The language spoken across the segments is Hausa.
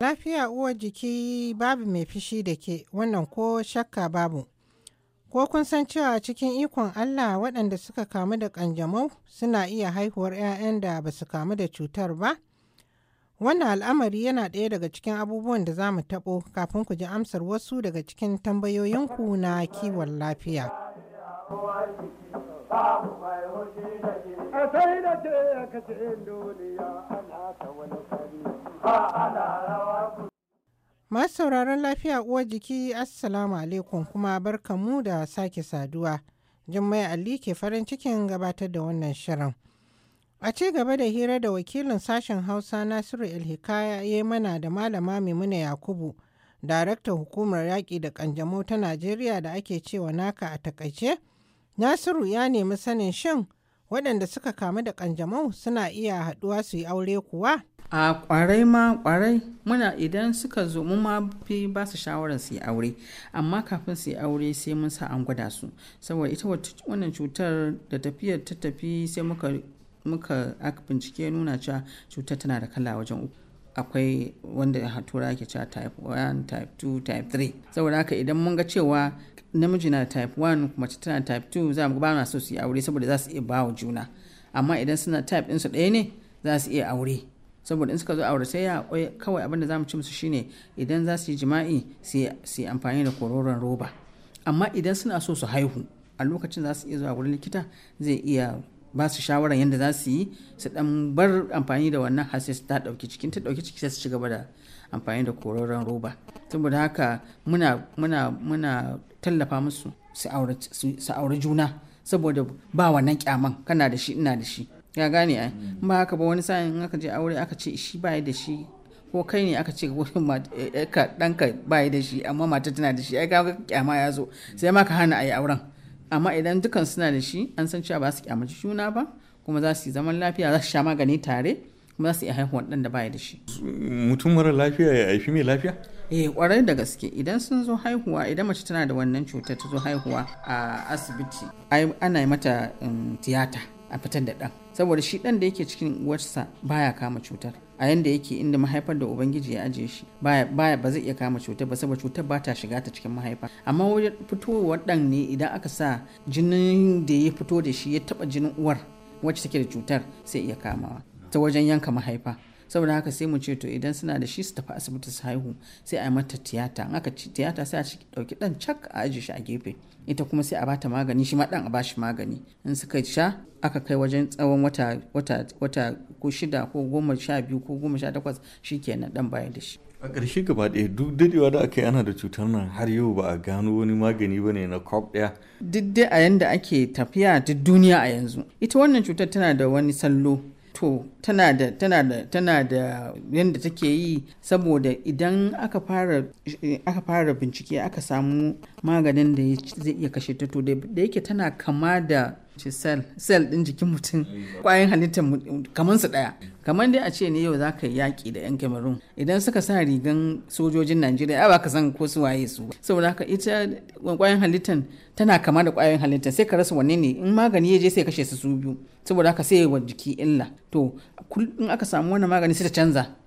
Lafiya uwar jiki babu mai fishi da ke wannan ko shakka babu. Ko kun san cewa cikin ikon Allah waɗanda suka kamu da ƙanjamau suna iya haihuwar 'ya'yan da ba su kamu da cutar ba? Wannan al'amari yana ɗaya daga cikin abubuwan da za mu taɓo kafin ku ji amsar wasu daga cikin tambayoyinku na kiwon lafiya. Masu sauraron lafiya uwar jiki Assalamu alaikum kuma mu da sake saduwa. Jummai Ali ke farin cikin gabatar da wannan shirin. A ci gaba da hira da wakilin sashen Hausa Nasiru Ilhikaya ya yi mana da Malama Maimuna Yakubu, daraktan hukumar yaƙi da ƙanjamau ta Najeriya da ake cewa naka a takaice, Nasiru ya nemi sanin shin waɗanda suka kamu da ƙanjamau suna iya haɗuwa su yi aure kuwa? A ƙwarai ma ƙwarai muna idan suka zo mu ma fi ba su shawarar su yi aure amma kafin su yi aure sai mun sa an gwada su saboda ita wannan cutar da tafiyar ta tafi sai muka aka bincike nuna cewa cutar tana da kala wajen uku akwai wanda tura ke cewa type 1 type 2 type 3 saboda haka idan mun ga cewa namiji na type 1 mace tana type 2 za mu ba na so su yi aure saboda za su iya ba juna amma idan suna type ɗinsu ɗaya ne za su iya aure saboda in suka zo aure sai ya kawai abinda za mu ci musu shine idan za su yi jima'i su yi amfani da kororon roba amma idan suna so su haihu a lokacin za su iya zuwa wurin likita zai iya ba su shawarar yadda za su yi su dan bar amfani da wannan hasis ta dauki cikin ta ɗauki ciki sai su ci gaba da amfani da kororon roba saboda haka muna muna muna tallafa musu su aure juna saboda ba wannan kyaman kana da shi ina da shi ya gane ai ba haka ba wani sa'in aka je aure aka ce shi ba da shi ko kai ne aka ce eh, ka ɗanka ba da shi amma mata tana da shi ai ga kyama ya zo sai ma ka hana ayi auren amma idan dukan suna da shi an san cewa ba su kyamaci juna ba kuma za su yi zaman lafiya za su sha magani tare kuma su iya haihuwan ɗan da baya da shi. mutum mara lafiya ya haifi mai lafiya? eh kwarai da gaske idan sun zo haihuwa idan mace tana da wannan cutar ta zo haihuwa a asibiti ana mata um, tiyata a fitar da ɗan saboda shi ɗan da yake cikin uwarsa baya kama cutar a yanda yake inda mahaifar da ubangiji ya ajiye shi baya baya ba zai iya kama cutar ba saboda cutar ba ta shiga ta cikin mahaifa amma wajen fitowar ɗan ne idan aka sa jinin da ya fito da shi ya taɓa jinin uwar wacce take da cutar sai iya kamawa ta wajen yanka mahaifa saboda haka sai mu ce to idan suna da shi su tafi asibiti su haihu sai a yi mata tiyata in aka tiyata sai a ci dauki dan cak a ajiye shi a gefe ita kuma sai a bata magani shi ma dan a bashi magani in suka sha aka kai wajen tsawon wata wata wata ko shida ko goma sha biyu ko goma sha takwas shikenan dan baya da shi a ƙarshe gaba ɗaya duk dadewa da aka yi ana da cutar nan har yau ba a gano wani magani ba ne na kwab ɗaya duk dai a yanda ake tafiya duk duniya a yanzu ita wannan cutar tana da wani sallo to tana da tana da tana da yadda take yi saboda idan aka fara aka fara bincike aka samu maganin da zai iya kashe ta to da yake tana kama da ce cell cell din jikin mutum kwayan halittar kamar su daya kamar dai a ce ne yau za ka yaƙi da 'yan cameroon idan suka sa rigan sojojin najeriya ba ka san ko su waye su saboda haka ita kwayan halittar tana kama da kwayoyin halittar sai ka rasa wanne ne in magani ya je sai kashe su su biyu saboda haka sai wa jiki illa to in aka samu wannan magani sai ta canza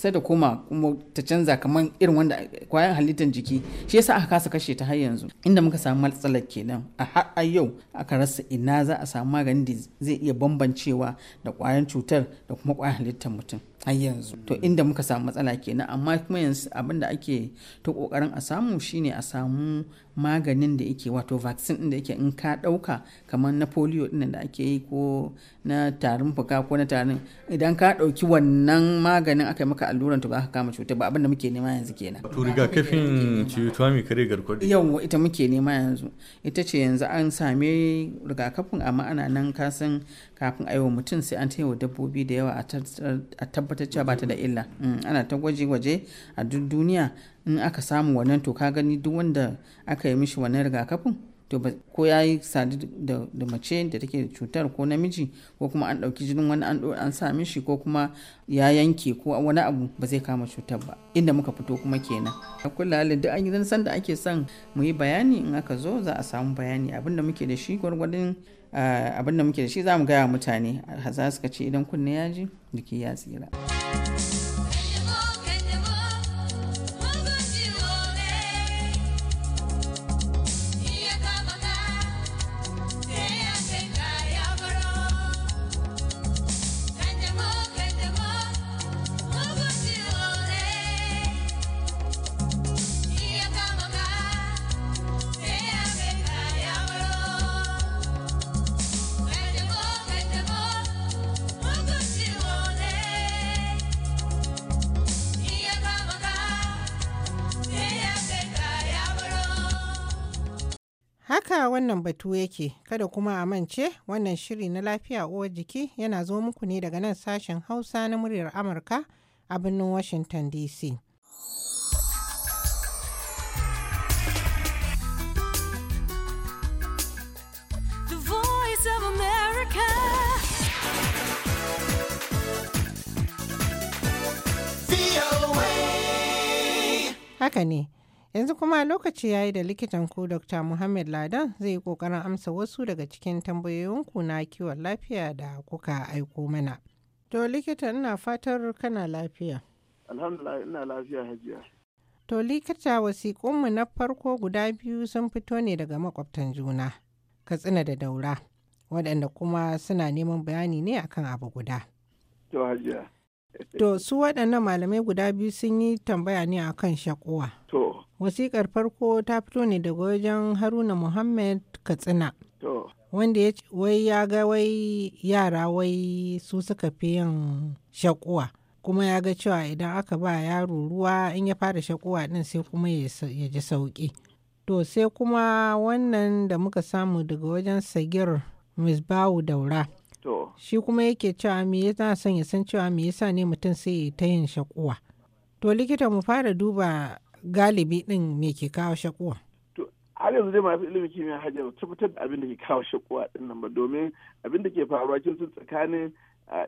sai ta koma kuma ta canza kamar irin wanda kwayan halittar jiki shi yasa aka kasa kashe ta har yanzu inda muka samu matsalar kenan a har a yau aka rasa ina za a samu maganin da zai iya bambancewa da kwayan cutar da kuma kwayan halittar mutum a yanzu to inda muka samu matsala kenan amma kuma yanzu abin da ake ta kokarin a samu shine a samu maganin da yake wato vaccine din da yake in ka dauka kamar na polio din da ake yi ko na tarin fuka ko na tarin idan ka dauki wannan maganin aka yi maka alluran to ba ka kama cuta ba abin da muke nema yanzu kenan to rigakafin cutuwa mai kare garkuwar yawa ita muke nema yanzu ita ce yanzu an same rigakafin amma ana nan kasan kafin a yi wa mutum sai an taimaka dabbobi da yawa a tabbatar tabbatar cewa ba ta da illa mm, ana ta gwaje-gwaje a duk duniya in aka samu wannan to ka gani duk wanda aka yi mishi wannan rigakafin to ko ya yi sadu da mace da take da cutar ko namiji ko kuma an ɗauki jinin wani an an sa mishi ko kuma ya yanke ko wani abu ba zai kama cutar ba inda muka fito kuma kenan a da duk an gidan san da ake son mu yi bayani in aka zo za a samu bayani abin da muke da shi gwargwadon ah, abin da muke da shi za mu gaya mutane za su ka ce idan kunne ya ji jiki ya tsira. haka wannan batu yake kada kuma a mance wannan shiri na lafiya uwar jiki yana zo muku ne daga nan sashen hausa na muryar amurka a birnin washington dc haka ne Yanzu kuma lokaci ya yi da likitan ku Dr. Muhammad Ladan zai yi ƙoƙarin amsa wasu daga cikin tambayoyinku na kiwon lafiya da kuka aiko mana. To likita ina fatar kana lafiya. Alhamdulillah ina lafiya hajiya. To likita wasiƙunmu na farko guda biyu sun fito ne daga makwabtan juna, Katsina da Daura, waɗanda kuma suna neman bayani ne akan abu guda. To To su waɗannan malamai guda biyu sun yi tambaya ne akan shakuwa. To. Wasikar farko ta fito ne daga wajen Haruna Muhammad Katsina. Wanda ya ce wai ya ga wai yara wai su suka fi yin shakuwa. Kuma ya ga cewa idan aka ba yaro ruwa in ya fara shakuwa din sai kuma ya ji sauƙi. To sai kuma wannan da muka samu daga wajen Sagir Misbahu Daura. Shi kuma yake cewa me ya son ya san cewa me yasa ne mutum sai ta yin shakuwa. To likita mu fara duba galibi ɗin me ke kawo shakuwa? har yanzu dai masu ilimin kimiyya hajjar tabbatar da abin da ke kawo shakuwa ɗin nan ba domin abin da ke faruwa kin sun tsakanin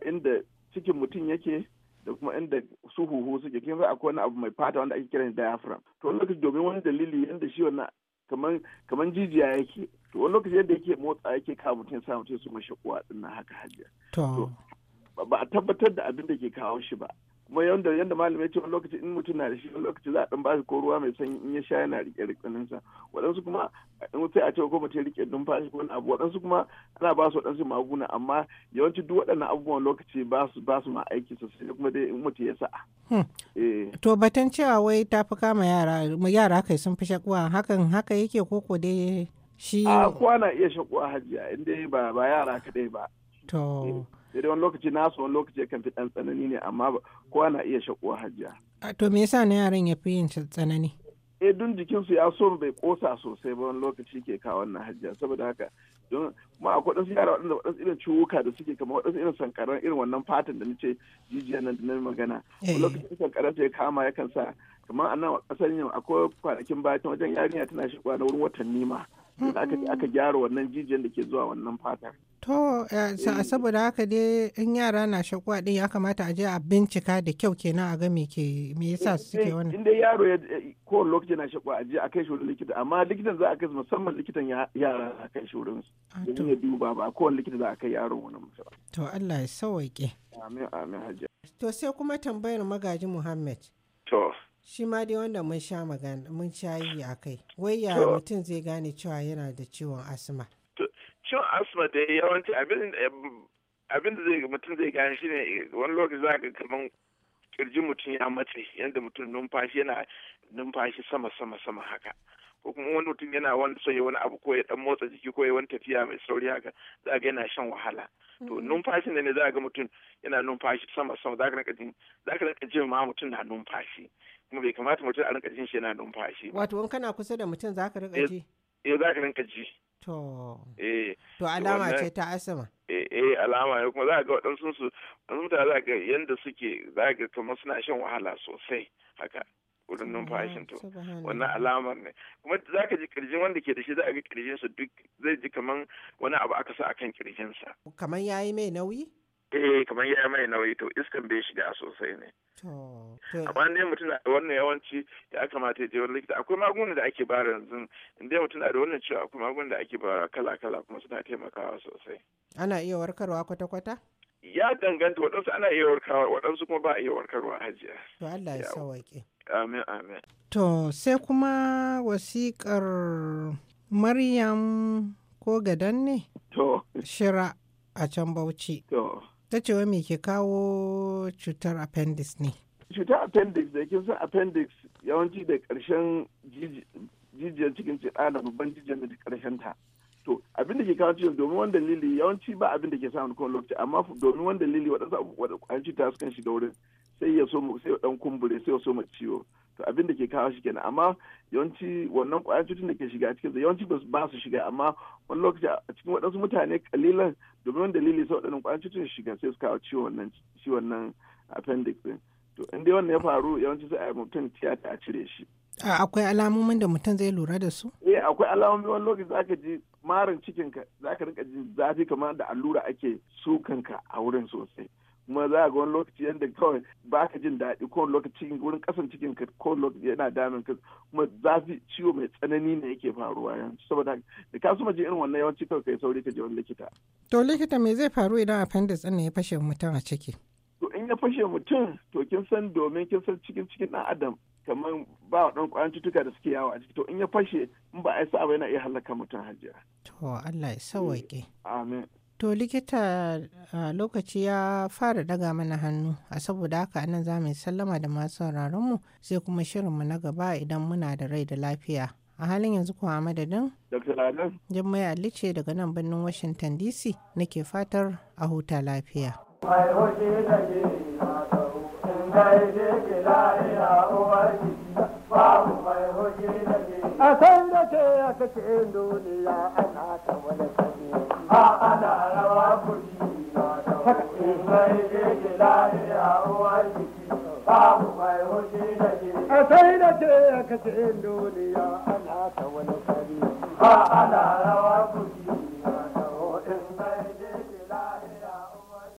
inda cikin mutum yake da kuma inda su huhu suke kin san akwai wani abu mai fata wanda ake kiran diaphragm to wani lokaci domin wani dalili yanda shi wannan kaman kaman jijiya yake to wani lokaci yadda yake motsa yake kawo mutum sa mutum su mashi kuwa dinnan haka hajjar to ba a tabbatar da abin da ke kawo shi ba kuma yanda yanda malamai ce wani lokaci in mutum na da shi wani lokaci za a dan bashi ko ruwa mai sanyi in ya sha yana rike rikinin sa waɗansu kuma in sai a ce ko mutum rike numfashi ko wani abu waɗansu kuma ana ba su waɗansu maguna amma yawanci duk waɗannan abubuwan lokaci ba su ba su ma aiki sosai kuma dai in mutum ya sa'a. Hmm. Eh. to batun cewa wai ta fi kama yara yara kai sun fi shakuwa hakan haka yake koko dai shi. a kowa na iya shakuwa hajiya inda ba ba yara kaɗai ba. to. Eh. sai dai wani lokaci nasu wani lokaci kan fi ɗan tsanani ne amma kowa na iya shakuwa hajiya. to me yasa na yaran ya fi yin tsanani? eh dun jikinsu ya so bai kosa sosai ba wani lokaci ke kawo wannan hajiya saboda haka don ma akwai su yara waɗanda waɗansu irin ciwuka da suke kama waɗansu irin sankaran irin wannan fatan da nace jijiya nan da na magana eh. wani lokacin sankaran ta ya kama yakan sa kamar a nan ƙasar yau akwai kwanakin bayan wajen yarinya tana shigowa na wurin watanni ma aka aka gyara wannan jijiyar da ke zuwa wannan fatar To, eh, eh. saboda haka dai in yara na shakuwa din ya kamata a je a bincika da kyau kenan a ga me ke me yasa eh, suke wannan. inda yaro ya ko lokacin na shakuwa a je a kai shi likita amma likitan za a kai musamman likitan yara a kai shi wurin su. Ah, Domin ya duba ba kowane likita za a kai yaro wani musamman. To Allah ya sauwaƙe. Amin amin hajji. To sai kuma tambayar magaji Muhammad. To. Shi ma dai wanda mun sha magana mun sha yi a kai. Wai ya mutum zai gane cewa yana da ciwon asma. ciwon asma da yawanci abin da zai mutum zai gane shine wani lokaci za ka kaman kirji mutum ya mace yadda mutum numfashi yana numfashi sama sama sama haka ko kuma wani mutum yana wani so wani abu ko ya dan motsa jiki ko ya wani tafiya mai sauri haka za ga yana shan wahala to mm-hmm. numfashin ne za ga mutum yana numfashi sama sama za ka rinka jin za ka rinka jin ma mutum na numfashi kuma bai kamata mutum a rinka jin shi yana numfashi wato wani kana kusa da mutum za ka rinka eh, ji eh za ka rinka ji To. Eh. To alama ce ta asama. Eh eh alama ne kuma za ga waɗansu su wasu mutane za ga yanda suke za ga kamar suna shan wahala sosai haka. wurin numfashin to wannan alamar ne kuma za ka ji kirjin wanda ke da shi za a ga kirjinsa duk zai ji kamar wani abu aka sa akan kirjinsa. Kamar yayi mai nauyi? eh kamar ya mai nauyi to iskan bai shiga sosai ne amma ne mutum na da wannan yawanci ya kamata ya je wani likita akwai magunguna da ake bara yanzu inda mutum na da wannan cewa akwai magunguna da ake bara kala kala kuma suna taimakawa sosai ana iya warkarwa kwata kwata ya danganta waɗansu ana iya warkarwa waɗansu kuma ba a iya warkarwa hajiya to Allah ya sawaƙe amin amin to sai kuma wasiƙar Maryam ko gadan ne to shira a can Bauchi to ta ce wa me ke kawo cutar appendix ne cutar appendix da yake san appendix yawanci da ƙarshen jijiyar cikin cida da babban jijiyar da ƙarshen ta to abin da ke kawo ciwon domin wani dalili yawanci ba abin da ke samun kowane lokaci amma domin wani dalili waɗansu abubuwa da ƙwayan cuta sukan shiga wurin sai ya so mu sai dan kumbure sai ya so mu ciwo to abin da ke kawo shi kenan amma yawanci wannan kwayan cutun da ke shiga a cikin yawanci ba su shiga amma wani lokaci a cikin waɗansu mutane kalilan domin dalili sai waɗannan kwayan cutun shiga sai su kawo ciwon nan ciwon nan appendix din to in dai wannan ya faru yawanci sai a mutum tiyata a cire shi akwai alamomin da mutum zai lura da su? Eh akwai alamomi wani lokaci zaka ji marin cikinka zaka rinka ji zafi kamar da allura ake sukanka a wurin sosai. kuma za ga wani lokaci yadda kawai ba ka jin daɗi ko lokaci wurin kasan cikin ka ko lokaci yana damin ka kuma zafi ciwo mai tsanani ne yake faruwa yanzu saboda da ka suma ji irin wannan yawanci kawai kai sauri ka je wani likita. to likita me zai faru idan appendix ɗin ya fashe mutum a ciki. to in ya fashe mutum to kin san domin kin san cikin cikin ɗan adam kamar ba wa ɗan ƙwayan cutuka da suke yawo a ciki to in ya fashe in ba a yi sa'a ba yana iya halaka mutum hajiya. to Allah ya sawaƙe. amin. To likita a lokaci ya fara daga mana hannu a saboda haka nan za mu sallama da masu sauraronmu sai kuma shirinmu na gaba idan muna da rai da lafiya. A halin yanzu kuma madadin? Dr. Adam. Jummai Ali daga nan birnin Washington DC nake fatar a huta lafiya. Babu mai da a kai da ke a kace duniya ana ta wani kare a ana rawa kuri na da wani mai ke lafiya uwar jiki babu mai hoshi da ke a kai da ke a kace duniya ana ta wani kare a ana rawa kuri